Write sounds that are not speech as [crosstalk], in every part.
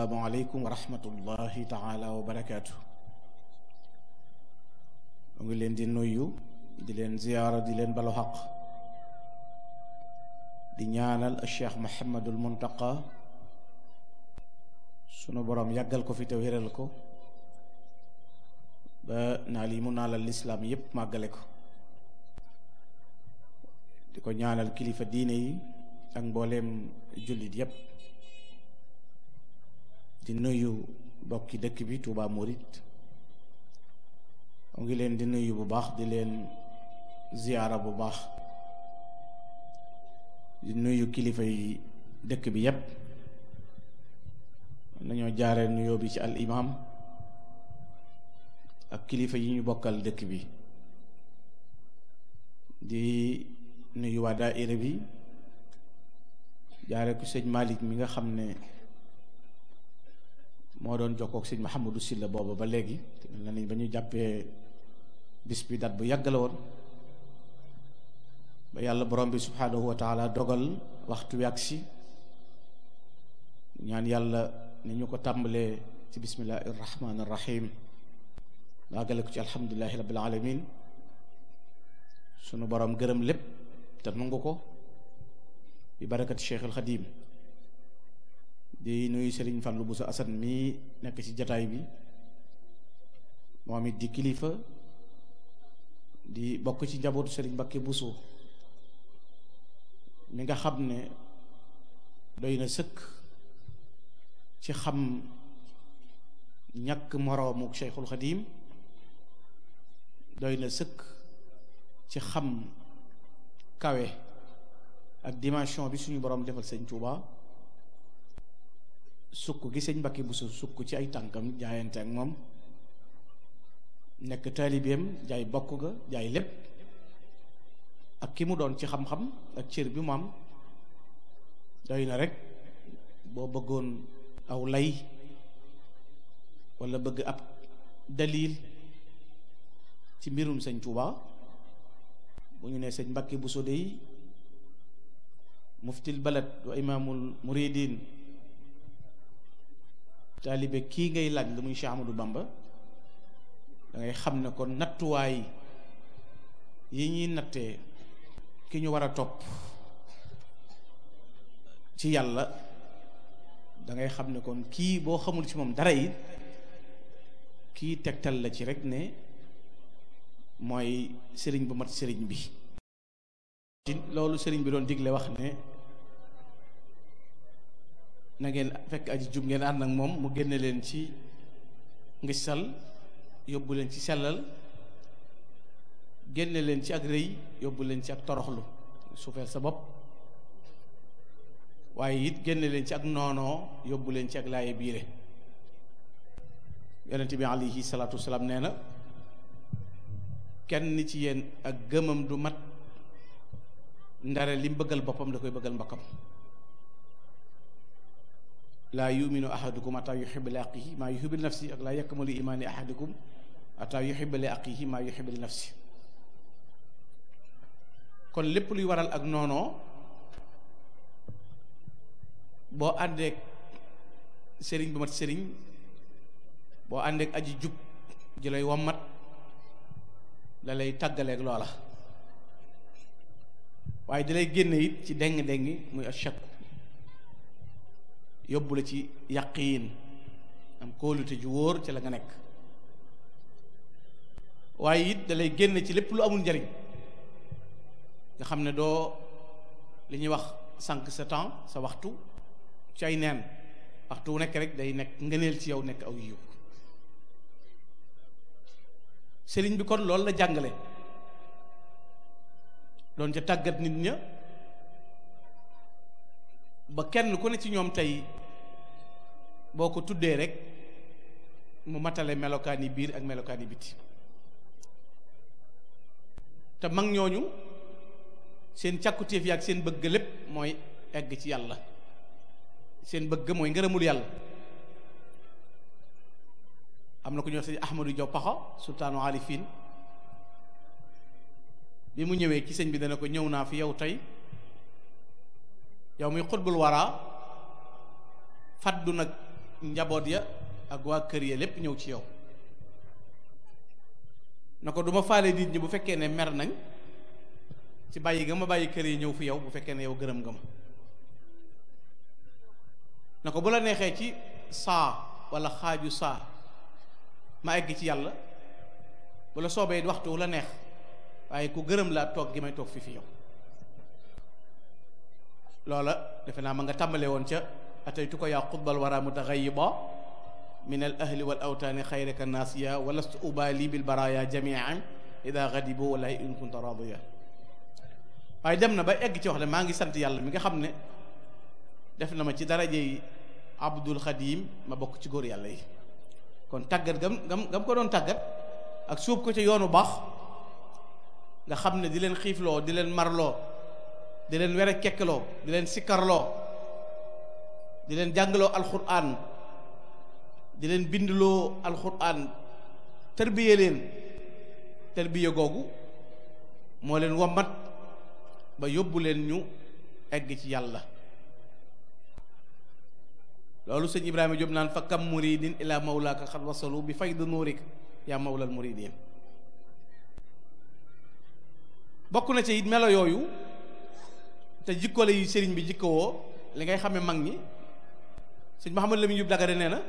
asalaamaaleykum wa rahmatullahi taala wa barakaatu. mu ngi leen di nuyu di leen ziyaara di leen balu xaq di ñaanal cheikh Mouhamadul Muntaqa sunu boroom yàggal ko fi te wéral ko ba naa lii mu naalal lislaam yépp màggale ko di ko ñaanal kilifa diine yi ak mbooleem jullit yépp di nuyu bokki dëkk bi Touba Mouride mu ngi leen di nuyu bu baax di leen ziyaara bu baax di nuyu kilifa yi dëkk bi yépp nañoo jaare nuyo bi ci al imam ak kilifa yi ñu bokkal dëkk bi di nuyu waa daaira bi jaare ku sëñ Malick mi nga xam ne moo doon jokkoog sëñ Mouhamadou Sylla booba ba léegi te mel na ni ba ñu jàppee bis dat bu yàgg woon ba yàlla boroom bi subhaanahu wa taala dogal waxtu wi si ñaan yàlla ni ñu ko tàmbalee ci bismillahi irrahmani irrahim daagale ko ci alhamdulilahi rabbil alamin sunu borom gërëm lépp te nangu ko bi barakati Cheikh al di nuyu Serigne Fallou Bousso Assane mi nekk ci jataay bi moom it di kilifa di bokk ci njabootu Serigne Mbacké Bousso mi nga xam ne doy na sëkk ci xam ñàkk moroomu Cheikhul Khadim doy na sëkk ci xam kawe ak dimension bi suñu borom defal Sëñ Touba. sukk gi sëñ Mbàkke Buso sukk ci ay tànkam jaayante ak moom nekk taalibeem jaay bokk ga jaay lépp ak ki mu doon ci xam-xam ak cër bi mu am doy na rek boo bëggoon aw lay walla bëgg ab dalil ci mbirum sëñ Tuubaa bu ñu ne sëñ Mbàkke bu dey muftil balad wa imaamul muridin taalibe kii ngay laaj lu muy Cheikh Ahmadou Bamba xam ne ko nattuwaay yi ñuy nattee ki ñu war a topp ci yàlla dangay xam ne kon kii boo xamul ci moom dara yi kii tegtal la ci rek ne mooy sëriñ bu mat sëriñ bi loolu sëriñ bi doon digle wax ne na ngeen fekk aji jub ngeen ànd moom mu génne leen ci ngistal yóbbu leen ci sellal génne leen ci ak rëy yóbbu leen ci ak toroxlu suufeel sa bopp waaye it génne leen ci ak noonoo yóbbu leen ci ak laaye biire yonent bi alayhi salaatu wasalaam nee na kenn ci yéen ak gëmam du mat ndare li mu bëggal boppam da koy bëggal mbokkam laa yuminu ahadukum ataa yuhibbu li aqihi maa yuhibbu li nafsi ak laa yakmalu imaani ahadukum ataa yuhibbu li aqihi maa yuhibbu li nafsi kon lépp luy waral ak noonoo boo àndeek sëriñ bu mat sëriñ boo àndeek aji jub ji lay wommat la lay tàggaleek loola waaye di lay génne it ci deng dengi muy ashakku yóbbu la ci yaqiin am kóolute ju wóor ci la nga nekk waaye it dalay génn ci lépp lu amul njariñ nga xam ne doo li ñuy wax sànq sa temps sa waxtu ci ay neen waxtu wu nekk rek day nekk ngëneel ci yow nekk aw yiw sëriñ bi kon loolu la jàngale doon ca tàggat nit ña ba kenn ku ne ci ñoom tey boo ko tuddee rek mu matale melokaani biir ak melokaani biti te mag ñooñu seen càkkutéef yi ak seen bëgg lépp mooy egg ci yàlla seen bëgg mooy ngërëmul yàlla am na ku ñuy wax sëñ Ahmadou Diaw sultaanu Arifin bi mu ñëwee ci sëñ bi dana ko ñëw naa fi yow tey yow muy xutbul waraa faddu nag njaboot ya ak waa kër ya lépp ñëw ci yow na ko duma ma faale nit ñi bu fekkee ne mer nañ ci bàyyi nga ma bàyyi kër yi ñëw fi yaw bu fekkee ne yaw gërëm nga ma na ko bu la neexee ci saa wala xaaju saa ma egg ci yàlla bu la soobee waxtu la neex waaye ku gërëm laa toog gi may toog fi fi yow loola defe naa ma nga tàmbale woon ca ataytuka yaa xutbal wara mutaghayiba min al ahli wal awtaani xayraka naasiya wa lastu ubaali bil baraaya jamian ida gadibu wala in kunta radiya waaye dem na ba egg ci wax ne maa ngi sant yàlla mi nga xam ne def na ma ci darajey abdul xadim ma bokk ci góor yàlla yi kon tàggat gam gam ko doon tàggat ak suub ko ci yoonu baax nga xam ne di leen xiifloo di leen marloo di leen were kekkloo di leen sikkarloo di leen jàngaloo alxuraan di leen bindloo alxuraan tërbiye leen tërbiye googu moo leen wammat ba yóbbu leen ñu egg ci yàlla loolu sëñ Ibrahima Jóob naan fa kam muridin ilaa mawlaaka xad wasalu bi faydu nuurika yaa mawlal muridin bokk na ci it melo yooyu te jikko la sëriñ bi jikkowoo li ngay xame mag ñi sëñ Mouhamad Lamine Diop Dagare nee na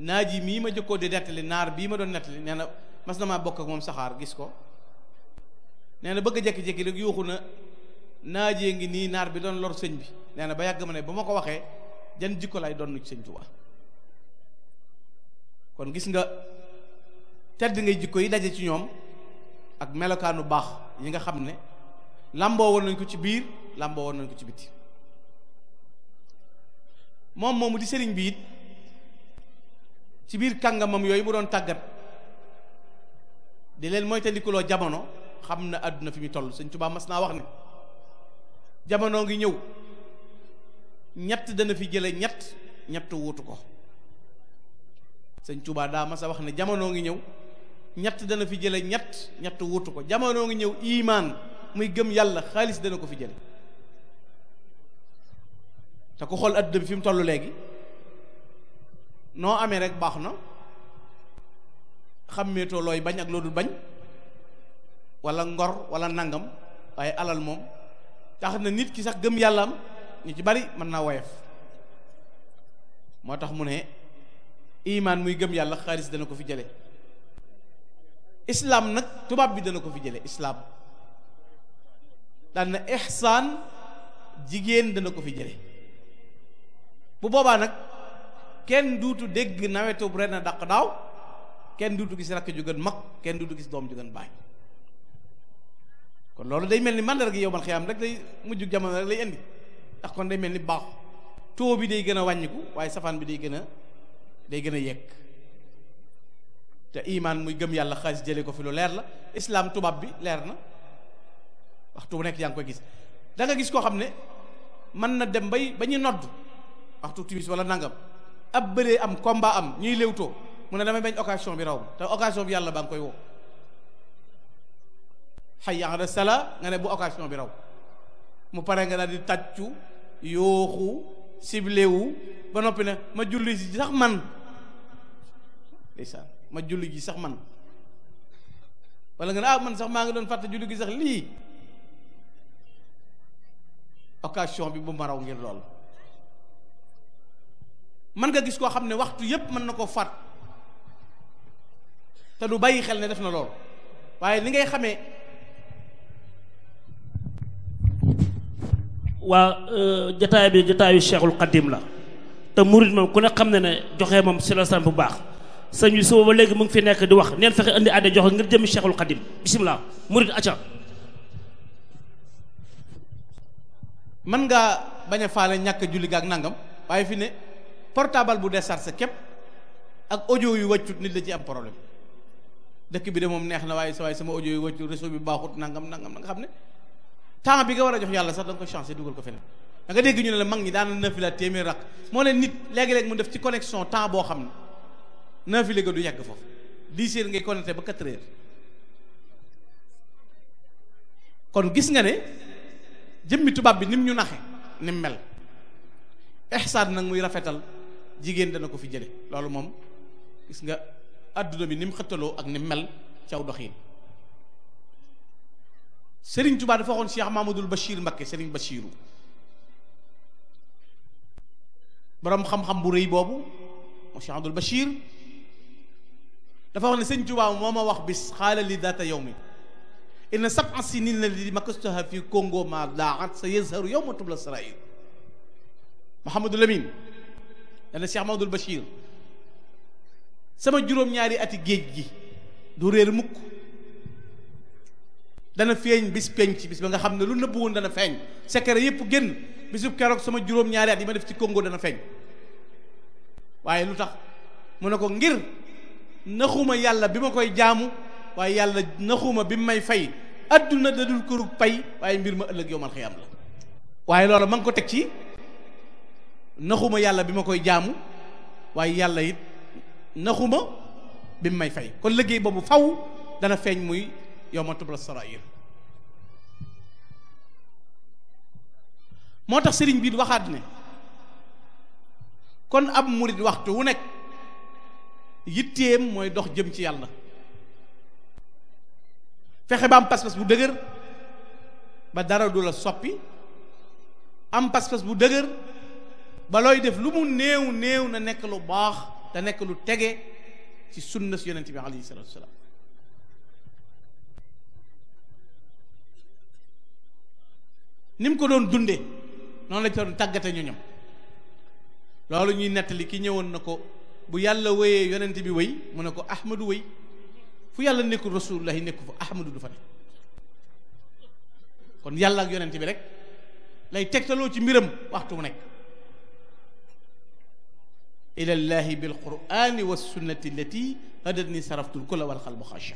naaj yi mii ma jëkkoo di nettali naar bii ma doon nettali nee na mas na maa bokk ak moom saxaar gis ko nee na bëgg a jékki-jékki rek yuuxu na naajee ngi nii naar bi doon lor sëñ bi nee na ba yàgg ma ne ba ma ko waxee jan jikko lay doon ci sëñ Tuubaa kon gis nga tedd ngay jikko yi daje ci ñoom ak melokaanu baax yi nga xam ne lamboo woon nañ ko ci biir lamboo woon nañ ko ci biti moom moomu di sëriñ bi it ci biir kàngamam yooyu mu doon tàggat di leen mooy tandikuloo jamono xam na àdduna fi mi toll sëñ Tuubaa mas naa wax ne jamono ngi ñëw ñett dana fi jële ñett ñett wuutu ko sëñ daa mas a wax ne jamono ngi ñëw ñett dana fi jële ñett ñett wuutu ko jamono ngi ñëw imaan muy gëm yàlla xaalis dana ko fi jële te ku xool adduna bi fi mu toll léegi noo amee rek baax na xàmmeetoo looy bañ ak loo dul bañ walla ngor walla nangam waaye alal moom tax na nit ki sax gëm yàlla ñu ci bari mën naa woyof moo tax mu ne imaan muy gëm yàlla xaalis dana ko fi jële islaam nag tubaab bi dana ko fi jële islaam daan na jigéen dana ko fi jële bu boobaa nag kenn duutu dégg nawetub ren na daq daaw kenn duutu gis rakk ju mag kenn duutu gis doom ju gën bàyyi kon loolu day mel ni màndarga yow yowmal xiyaam rek day mujju jamono rek lay indi ndax kon day mel ni baax taux bi day gën a wàññiku waaye safaan bi day gën a day gën a yekk te imaan muy gëm yàlla xaalis jëlee ko fi lu leer la islaam tubaab bi leer na waxtu bu nekk yaa ngi koy gis da gis koo xam ne mën na dem bay ba ñu nodd waxtu timis wala nangam ab bëree am combat am ñuy léewtoo mu ne damay bañ occasion bi raw te occasion bi yàlla ba nga koy woo xay ala sala nga ne bu occasion bi raw mu pare nga daal di tàccu yooxu siblewu ba noppi ne ma julli ji sax man ndeysaan ma julli ji sax man wala nga ne ah man sax maa ngi doon fàtte julli gi sax lii occasion bi bu ma raw ngir lool mën nga gis koo xam ne waxtu yépp mën na koo faat te du bàyyi xel ne def na loolu waaye li ngay xamee waa euh, jataay bi jataayu Cheikhul Xadim la te murid moom ku ne xam ne ne joxe moom si la san bu baax sëñ bi suba ba léegi mu ngi fi nekk di wax neen fexe indi adde joxe ngir jëmi Cheikhul Xadim bisimilah murid acca mën ngaa bañ a faale ñàkk julli gaak nangam waaye fi ne portable bu déchargé képp ak audio yu wàccut nit la ci am problème dëkk bi de moom neex na waaye sa waaye sama audio yu wàccut réseau bi baaxut nangam nangam nga xam ne temps bi nga war a jox yàlla sax da nga ko changé dugal ko feneen da nga dégg ñu ne la mag ñi daan na nafila téeméer rak moo leen nit léegi-léeg mu def ci connexion temps boo xam ne nafila ga du yàgg foofu dix heures ngay connecté ba quatre heures kon gis nga ne jëmmi tubaab bi nim ñu naxe nim mel ihsaan nag muy rafetal jigéen dana ko fi jële loolu moom gis nga àdduna bi ni mu ak ni mel caw doxiin sëriñ Tuubaa dafa waxoon Cheikh Mahmadul Bachir Mbakke sëriñ Bachiru boroom xam-xam bu rëy boobu moo Cheikh Abdul Bachir dafa wax ne sëriñ Tuubaa moo wax bis xaala li daata yow mi inna sab'a sinina li makastuha fi Congo ma daat sa yazharu yawma tubla sarair Mouhamadou Lamine dana Cheikh Maodul Bachir sama juróom-ñaari ati géej gi du réer mukk dana feeñ bis peñ ci bis ba nga xam ne lu nëbb woon dana feeñ secret yëpp génn bisub keroog sama juróom-ñaari at yi ma def ci Congo dana feeñ waaye lu tax mu ne ko ngir naxuma yàlla bi ma koy jaamu waaye yàlla naxuma bi may fay adduna da kërug pay waaye mbir ma ëllëg yowmal xiyam la waaye loolu ma ko teg ci naxuma yàlla bi ma koy jaamu waaye yàlla it naxuma bi mu may fay kon liggéey boobu faw dana feeñ muy yawma tubla sarair moo tax sëriñ bi waxaat ne kon ab murit waxtu wu nekk yitteem mooy dox jëm ci yàlla fexe ba am pas bu dëgër ba dara du la soppi am pas bu dëgër ba looy def lu mu néew néew na nekk lu baax te nekk lu tege ci sunna si yonent bi alayhi salatu ni mu ko doon dunde noonu lañ doon tàggate ñu ñam loolu ñuy nettali ki ñëwoon na ko bu yàlla wéyee yonent bi wéy mu ne ko ahmadu wéy fu yàlla nekkul rasulullahi nekku fa ahmadu du fa nekk kon yàlla ak yonent bi rek lay tegtaloo ci mbiram waxtu mu nekk ilallahi bil qurani wa sunnati allati hadat ni saraftul kula wal xalbu xasha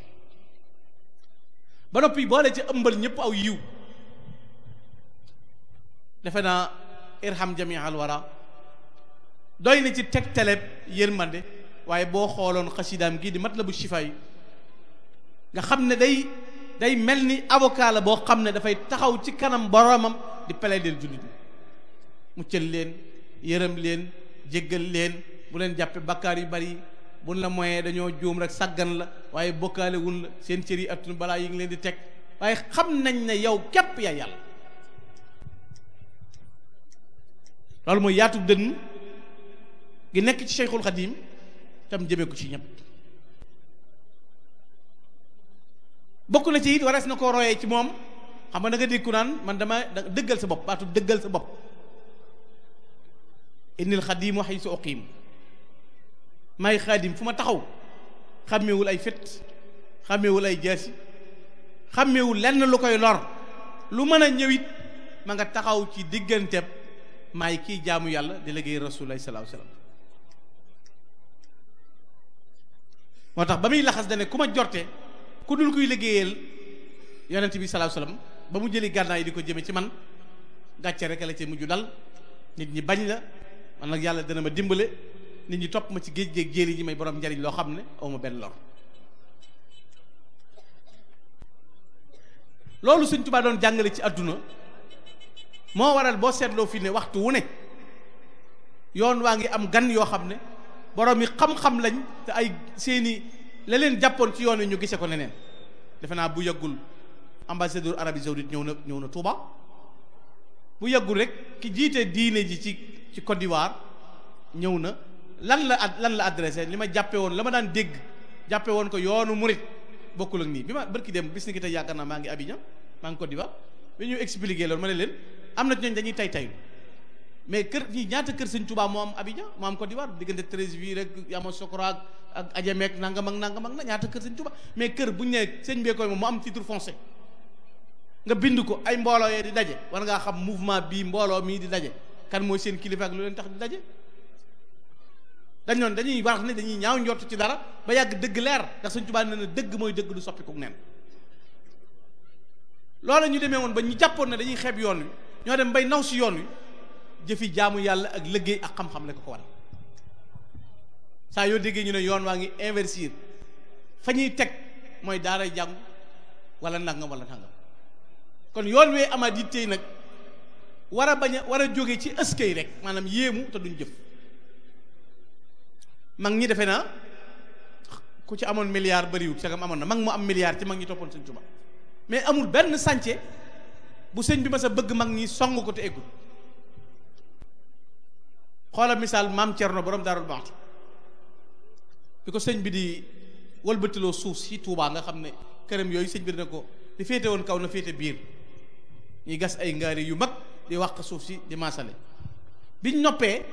ba noppi boole ci ëmbal ñépp aw yiw defe naa irham jamial wara doy na ci teg teleb yërmande waaye boo xooloon xasidaam gii di mat matlabu shifaay nga xam ne day day mel ni avocat la boo xam ne dafay taxaw ci kanam boromam di plaider jullit mu cël leen yërëm leen jéggal leen bu leen jàppe bakkaar yu bari buñ la moyee dañoo juum rek sàggan la waaye bokkaale wun la seen cër yi attunu balaa yi ngi leen di teg waaye xam nañ ne yow képp ya yàlla loolu mooy yaatu dënn gi nekk ci Cheikhul Xadim tam jëme ko ci ñëpp bokk na ci it warees na koo royee ci moom xam nga da nga ku naan man dama dëggal sa bopp baatu dëggal sa bopp innil xadiim wax yi su oqiim maay xaadim fu ma taxaw xàmmewul ay fit xàmmeewul ay jaasi xàmmewul lenn lu koy lor lu mën a ñëwit ma nga taxaw ci digganteeb maay kiy jaamu yàlla di liggéey rasuulaay salaahu salaam moo tax ba muy laxas ne ku ma jorte ku dul kuy liggéeyal yonent bi salaahu salaam ba mu jëli gànnaay di ko jëme ci man gàcce rek la ci mujj dal nit ñi bañ la man nag yàlla dina ma dimbale nit ñi topp ma ci géej géej jéeri ñi may borom njariñ loo xam ne aw benn lor loolu Sëñ Tuubaa doon jàngale ci àdduna moo waral boo seetloo fii ne waxtu wu ne yoon waa ngi am gan yoo xam ne boroom yi xam-xam lañ te ay seeni la jàppoon ci yoon wi ñu gise ko neneen defe naa bu yàggul ambassadeur Arabie Saoudite ñëw na ñëw na Touba bu yàggul rek ki jiite diine ji ci ci Côte d'Ivoire ñëw na lan la ad lan la adressé li ma jàppe woon la ma daan dégg jàppe woon ko yoonu murit bokkul ak nii bi ma bërki dem bis ni ki tey naa maa ngi Abidjan maa ngi Côte d'Ivoire bi ñu expliqué loolu ma ne leen am na ñooñu dañuy tay taylu mais kër ñi ñaata kër sëñ Touba moo am Abidjan moo am Côte d'Ivoire diggante Treichville rek Yamoussoukro ak ak Adjamé nangam ak nangam ak na ñaata kër sëñ Touba mais kër bu ñu nee sëñ bee koy moom mu am titre foncier nga bind ko ay mbooloo yee di daje war ngaa xam mouvement bii mbooloo mii di daje kan mooy seen kilifa ak lu leen tax di daje dañ noonu dañuy wax ne dañuy ñaaw njort ci dara ba yàgg dëgg leer ndax Sëñ Tuubaa nee na dëgg mooy dëgg du soppiku neen loola ñu demee woon ba ñu jàppoon ne dañuy xeeb yoon wi ñoo dem bay naw si yoon wi jëfi jaamu yàlla ak liggéey ak xam-xam la ko ko waral saa yoo déggee ñu ne yoon waa ngi investir fa ñuy teg mooy daaray jàng wala nangam wala nangam kon yoon wee amaat yittey nag war a bañ a war a jóge ci ëskay rek maanaam yéemu te duñ jëf mag ñi defe naa ku ci amoon milliard bariwul sagam amoon na mag mu am milliard ci mag ñi toppoon sëñ Tuba mais amul benn sànce bu sëñ bi ma sa bëgg mag ñi song ko te eggul xoolal misaal maam Cerno borom Daarul Muxti bi ko sëñ bi di walbatiloo suuf si Tuubaa nga xam ne këram yooyu sëñ bi dina ko di féete woon kaw na féete biir ñuy gas ay ngaari yu mag di wàq suuf si di maasale biñ noppee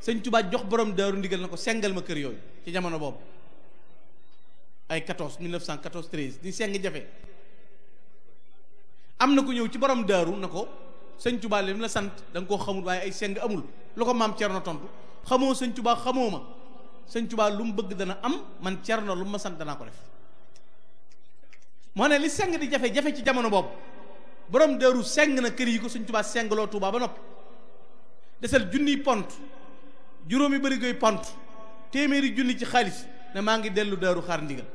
sëñ tubaat jox borom daaru ndigal na ko sengal ma kër yooyu ci jamono boobu ay 14 1914 13 di seng jafe am na ku ñëw ci borom daaru na ko sëñ Tuubaa li mu la sant da nga koo xamul waaye ay seng amul lu ko maam Cerno tontu xamoo sëñ Tuubaa xamoo ma sëñ Tuubaa lu mu bëgg dana am man Cerno lu mu ma sant danaa ko def moo ne li seng di jafe jafe ci jamono boobu borom dëru seng na kër yi ko suñ tubaa sengloo tubaa ba nopp desal junniy pont juróomi bari goy pont téeméeri junni ci xaalis ne maa ngi dellu dëru xaar ndigal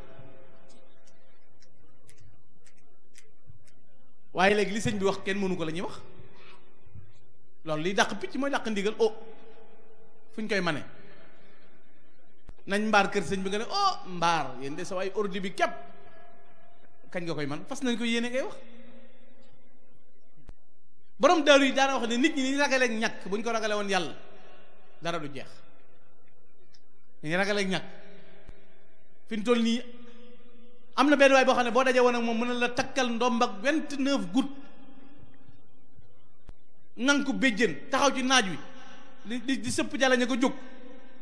waaye léegi li sëñ bi wax kenn mënu ko la ñuy wax loolu liy daq picc mooy dàq ndigal oh fu ñu koy mane nañ mbaar kër sëñ bi nga ne oh mbaar yéen de sa ordi bi képp kañ nga koy man fas nañ ko yéene ngay wax borom daaru yi daana wax ne nit ñi ni ragaleeg ñàkk bu ñu ko ragale woon yàlla dara du jeex dañuy ragaleeg ñàkk fi ñu toll nii am na benn waay boo xam ne boo dajee woon ak moom mën na la takkal ndoom ak vingt-neuf gouttes nan ko béjjën taxaw ci naaj wi di di sëpp jàlla ña ko jóg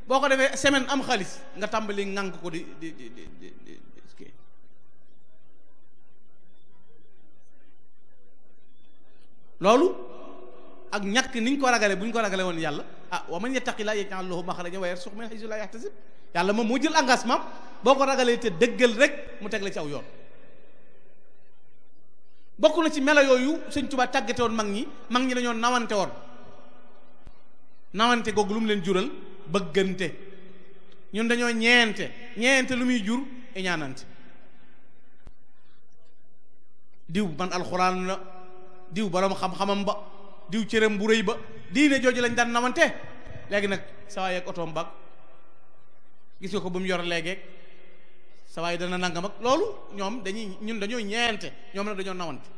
boo ko defee semaine am xaalis nga tàmbali ngank ko di di di loolu ak ñàkk niñ ko ragale bu ñu ko ragale woon yàlla ah wa man yattaqillaa yaj'al lahu makhrajan wa yarzuqhu min haythu laa yahtasib yàlla moom moo jël engagement boo ko ragalee te dëggal rek mu teg la ci aw yoon bokk na ci melo yooyu sëñ Tuubaa tàggate woon mag ñi mag ñi dañoo nawante woon nawante googu lu mu leen jural bëggante ñun dañoo ñeente ñeente lu muy jur iñaanante diw man alxuraan diw borom xam-xamam ba diw cëram bu rëy ba diine jooju lañ daan nawante léegi nag sa waay ak otoom bag gis nga ko ba mu yor léegi sa dana nangam ak loolu ñoom dañuy ñun dañoo ñeente ñoom nag dañoo nawante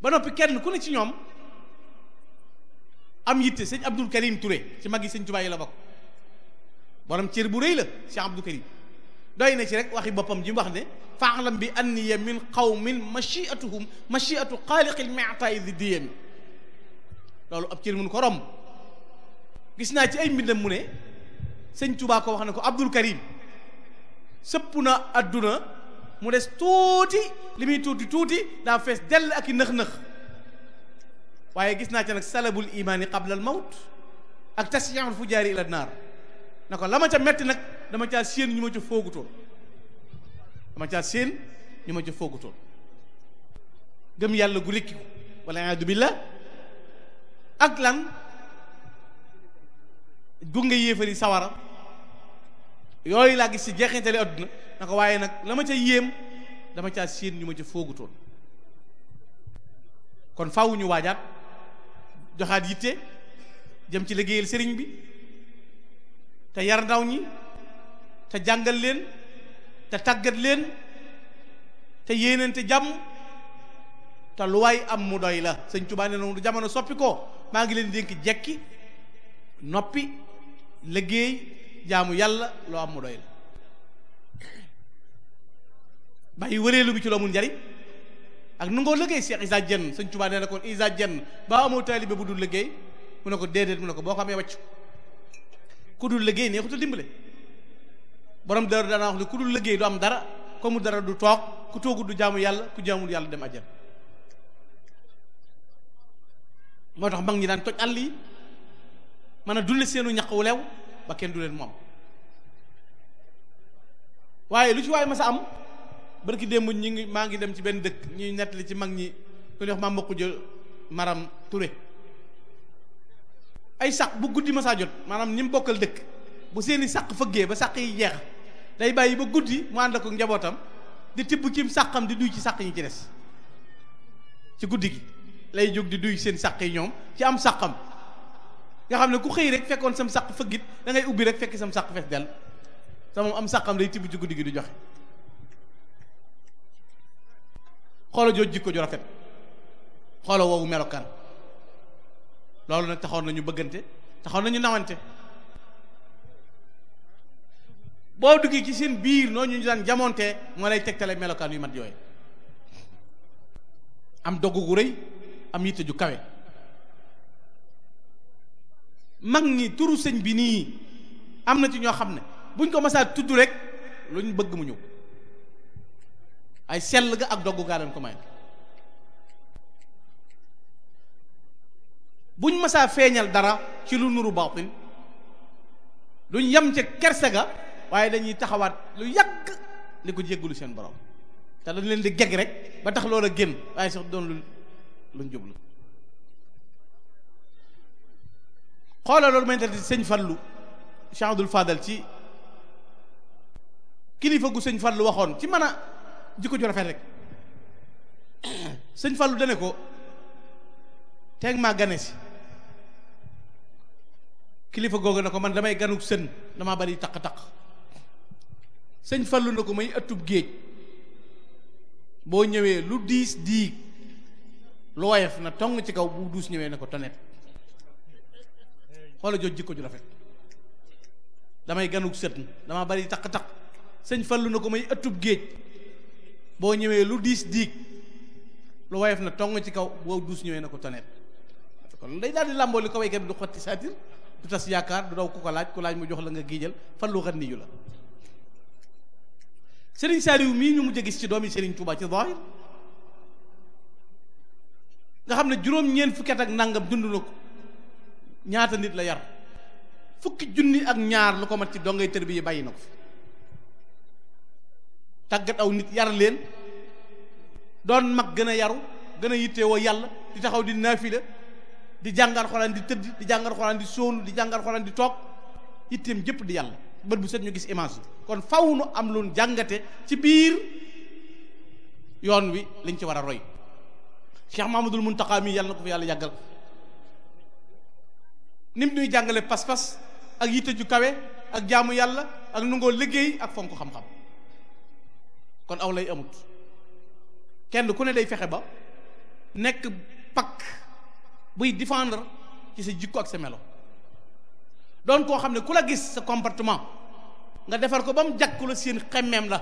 ba noppi kenn ku ne ci ñoom am yitte sëñ Abdul Karim Touré ci mag yi sëñ Tuubaa yi la bokk borom cër bu rëy la Cheikh Abdul Karim doy na ci rek waxi boppam ji wax ne faalam bi anniya min qawmin machiatuhum machiatu xaaliqil metaay di diyami loolu ab cër mun ko romb gis naa ci ay mbindam mu ne sëñ Tuubaa ko wax na ko Abdul Karim sëpp na àdduna mu des tuuti li muy tuuti tuuti daa fees dell ak i nëx-nëx waaye gis naa ci nag salabul imaani qabla al mawt ak tasyaxul fujaari ila naar na ko la metti nag dama caa séen ñu ma ca foogutoon dama caa séen ñu ma ca foogutoon gëm yàlla gu rékkiku wala a'uudu billah ak lan gunge yéefari sawara yooyu laa gis ci jeexintali adduna na ko waaye nag la ma ca yéem dama caa séen ñu ma ca foogutoon kon faaw ñu waajaat joxaat yitte jëm ci liggéeyal sëriñ bi te yar ndaw ñi te jàngal leen te tàggat leen te yéenante jàmm te luwaay am mu doy la sëñ Tuubaa nee jamono soppi ko maa ngi leen dénk jekki noppi liggéey jaamu yàlla loo am mu doy la bàyyi lu bi ci loo mun njariñ ak nu ngoo liggéey Cheikh Isa Dieng sëñ Tuubaa nee na kon Isa Dieng ba amoo taalibe bu dul liggéey mu ne ko déedéet mu ne ko boo xamee amee wàcc ku dul liggéey neexuta dimbale borom dara daanaa wax ne ku dul liggéey du am dara ku mu dara du toog ku toogul du jaamu yàlla ku jaamul yàlla dem ajjana moo tax mag ñi daan toj àll yi mën a dulli seenu ñaq wu lew ba kenn du leen moom waaye lu ci waay ma sa am barki démb ñu ngi maa ngi dem ci benn dëkk ñuy nettali ci mag ñi ku ñuy wax maam mbokku maram Touré ay sàq bu guddi ma saa jot maanaam ñi mu bokkal dëkk bu seeni sàq fëggee ba sàq yi jeex day bàyyi ba guddi mu ànd ak njabootam di tibb cim sàqam di duy ci sàq ñi ci des ci guddi gi lay jóg di duy seen sàq yi ñoom ci am sàqam nga xam ne ku xëy rek fekkoon sam sàq fëggit da ngay ubbi rek fekk sam sàq fees dell te am sàqam day tibb ci guddi gi du joxe xoola jooj jikko ju rafet xoola woowu melokaan loolu nag taxoon nañu bëggante taxoon nañu nawante boo duggee ci seen biir noonu ñu daan moo lay tegtale melokaan yu mat yooyu am dogu gu rëy am yitte ju kawe mag ñi turu sëñ bi nii am na ci ñoo xam ne buñ ko masaa tudd rek luñ ñu bëgg mu ñëw ay sell ga ak dogg gaa leen may buñ masaa feeñal dara ci lu nuru baatil duñ yem ca kerse ga waaye dañuy taxawaat lu yàgg li ko jéggulu seen borom te dañ leen di geg rek ba tax loolu loola génn waaye sax doon lu luñ jublu xoola loolu may tati sëñ Fallu Cheikh Abdoul Fadal ci kilifa gu sëñ Fallu waxoon ci mën jikko ju rafet rek [coughs] sëñ Fallu dane ko teeg maa gane si kilifa googu na ko man damay ganu sën damaa bari taq-taq sëñ Fallu na ko may ëttub géej boo ñëwee lu diis diig lu na tong ci kaw bu ñëwee na ko tonet xoola jot jikko ju rafet damay ganug sët dama bari taq-taq sëñ Fallu na ko may ëttub géej boo ñëwee lu diis diig lu woyof na tong ci kaw boo duus ñëwee na ko tonet kon day daal di làmboo li ko waykat bi du xotti saatir du tas yaakaar du daw ku ko laaj ku laaj mu jox la nga géejal Fallu xan niyu la sëriñ Saaliw mii ñu mujj a gis ci doomi sëriñ Tuuba ci zahir nga xam ne juróom-ñeent fukki at ak nangam dund na ko ñaata nit la yar fukki junni ak ñaar lu ko mat ci dongay tër bi yi bàyyi na ko fi tàggat aw nit yar leen doon mag gën a yaru gën a yittewoo yàlla di taxaw di naafila di jàngal xolaan di tëdd di jàngal xolaan di sóonu di jàngal xolaan di toog yitteem jëpp di yàlla bët bu set ñu gis image kon faw nu am loon jàngate ci biir yoon wi liñ ci war a roy Cheikh mun Muntaqa mi yàlla na ko fi yàlla yàggal nim nuy jàngale pas-pas ak yitte ju kawe ak jaamu yàlla ak nungoo liggéey ak fonk xam-xam kon aw lay amut kenn ku ne day fexe ba nekk pakk buy défendre ci sa jikko ak sa melo doon koo xam ne ku la gis sa comportement nga defar ko ba mu jàkku la seen xemmeem la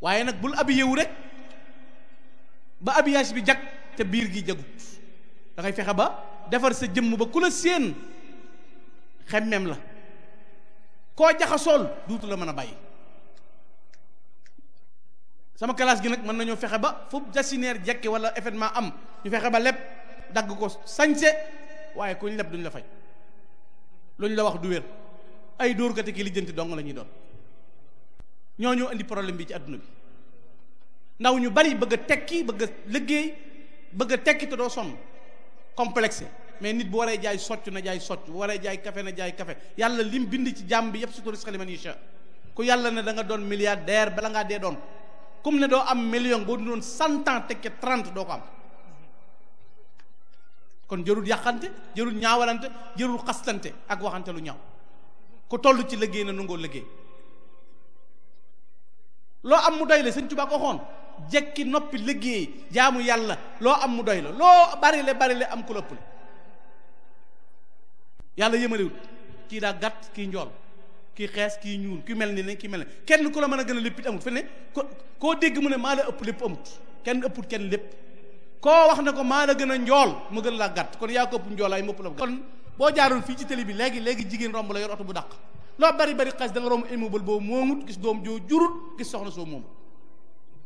waaye nag bul abi yewu rek ba abiyaas bi jag te biir gi jagut da fexe ba defar sa jëmm ba ku la seen xemmeem la koo sol duutu la mën a bàyyi sama kalaas gi nag mën nañoo fexe ba fu jasineer jekke wala événement am ñu fexe ba lépp dagg ko sañse waaye ku leb duñ la fay loolu ñu la wax du wér ay dóorkat ak lijjanti dong la ñuy doon ñoo ñoo indi problème bi ci àdduna bi ndaw ñu bari bëgg a tekki bëgg a liggéey bëgg a tekki te doo sonn complexe mais nit bu waree jaay socc na jaay socc bu waree jaay kafe na jaay café yàlla lim bind ci jàmm bi yëpp suturis xaliman yasha ku yàlla ne da nga doon milliardaire bala ngaa dee doon comme ne doo am million boo du doon cent ans doo ko am kon jërul yàqante jërul ñaawalante jërul xastante ak waxante lu ku toll ci liggéey na nungoo liggéey loo am mu doy la sëñ Tuubaa ko xoon jekki noppi liggéey jaamu yàlla loo am mu doy la loo bari le bari le am ku la ëpp yàlla yëmaliwut kii daa gàtt kii njool kii xees kii ñuul kii mel ni ne kii mel ne kenn ku la mën a gën a lépp it amut fi ne ko koo dégg mu ne maa la ëpp lépp amut kenn ëpput kenn lépp koo wax ne ko maa la gën a njool mu gën laa gàtt kon yaa ko ëpp njoolaay mu ëpp la kon boo jaaroon fii ci télé bi léegi léegi jigéen romb la yor oto bu dàq loo bari bari xas da nga romb immeuble boobu moomut gis doom joo jurut gis soxna soo moom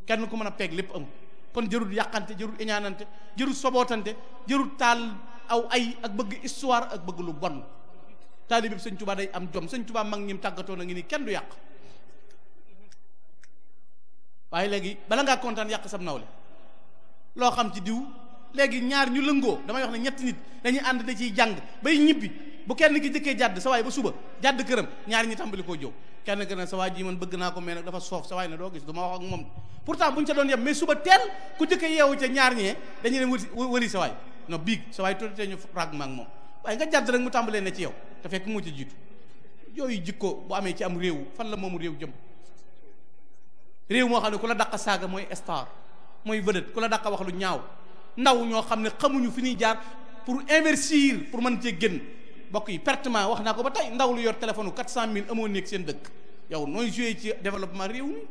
kenn ku mën a peeg lépp amul kon jërul yàqante jërul iñaanante jërul sobootante jërul taal aw ay ak bëgg histoire ak bëgg lu bon taalibe bi sëñ Tuubaa day am jom sëñ Tuubaa mag ñim tàggatoo na ngi nii kenn du yàq waaye léegi bala ngaa kontaan yàq sam nawle loo xam ci diw léegi ñaar ñu lëngoo damay wax ne ñetti nit dañuy ànd da ciy jàng bay ñibbi bu kenn ki jëkkee jàdd sawaay ba suba jàdd këram ñaar ñi tàmbali koo jow kenn ki ne sa waay ji man bëgg naa ko mais nag dafa soof sa na ne doo gis du wax ak moom pourtant bu ñu ca doon yem mais suba teel ku jëkkee yeewu ca ñaar ñee dañuy dem wëri sa waay non biig sa waay toditee ñu rag maag moom waaye nga jàdd rek mu tàmbalee ne ci yow te fekk moo ci jiitu yooyu jikko bu amee ci am réew fan la moomu réew jëm moo xam ne ku la daq saaga mooy star mooy vedette ku la daq wax lu ñaaw ndaw ñoo xam ne xamuñu fi ñuy jaar pour investir pour man cee génn mbokk yi pertement wax naa ko ba tey ndaw lu yor téléphone quatre cent mille amoon nekk seen dëkk yow nooy joué ci développement réew mi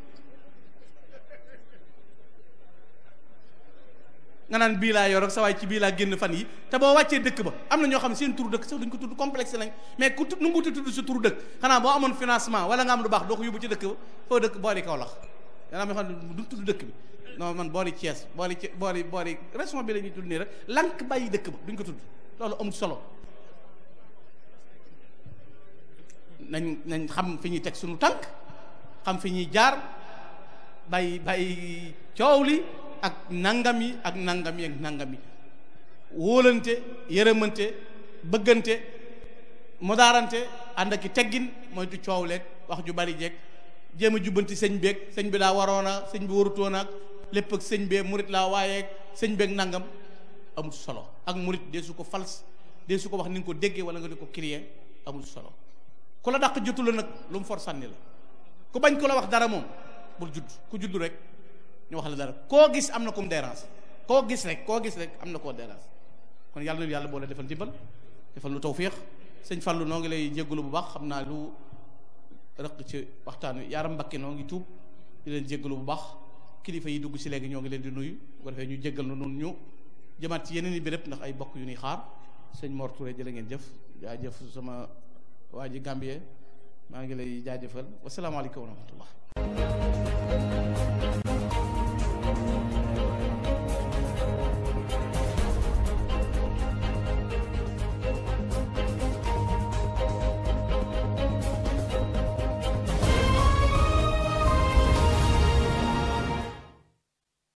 nga naan bii laa yor ak sa waay ci bii laa génn fan yi te boo wàccee dëkk ba am na ñoo xam ne seen tur dëkk sax duñ ko tudd complexe lañ mais ku nu ngu tudd sa tur dëkk xanaa boo amoon financement wala nga am lu baax doo ko yóbbu ci dëkk ba foo dëkk boole Kaolack danaa ma xam dëkk bi non man boori Thiès boori Thiès boori boori région bi la ñuy tudd nii rek lank bàyyi dëkk ba duñ ko tudd loolu amul solo nañ nañ xam fi ñuy teg suñu tànk xam fi ñuy jaar bay bay coow li ak nangami ak nangam yi ak nangam yi wóolante yërëmante bëggante mudaarante ànd ak i teggin moytu coow leeg wax ju bari jeeg jéem a jubbanti sëñ beeg sëñ bi daa waroona sëñ bi warutoon lépp ak sëñ bee murit laa waaye sëñ beeg nangam amul solo ak murit dee ko fals dee ko wax ni nga ko déggee wala nga di ko crier amul solo ku la dàq jotu la nag lu mu for sànni la ku bañ ku la wax dara moom bul judd ku judd rek ñu wax la dara koo gis am na ko mu koo gis rek koo gis rek am na koo dérange kon yàlla na yàlla boole defal ndimbal defal lu tawfiix sëñ fallu noo ngi lay jéggalu bu baax xam naa lu rëq ci waxtaan wi yaaram Mbakke noo ngi tuub di leen jéggalu bu baax kilifa yi dugg si léegi ñoo ngi leen di nuyu bu ko ñu jëggal na nun ñu jëmaat ci yeneen i béréb ndax ay bokk yu ñuy xaar seen Mor Touré jëla ngeen jëf jaajëf sama waa ji Gambie maa ngi lay jaajëfal wasalaamaaleykum wa rahmatullah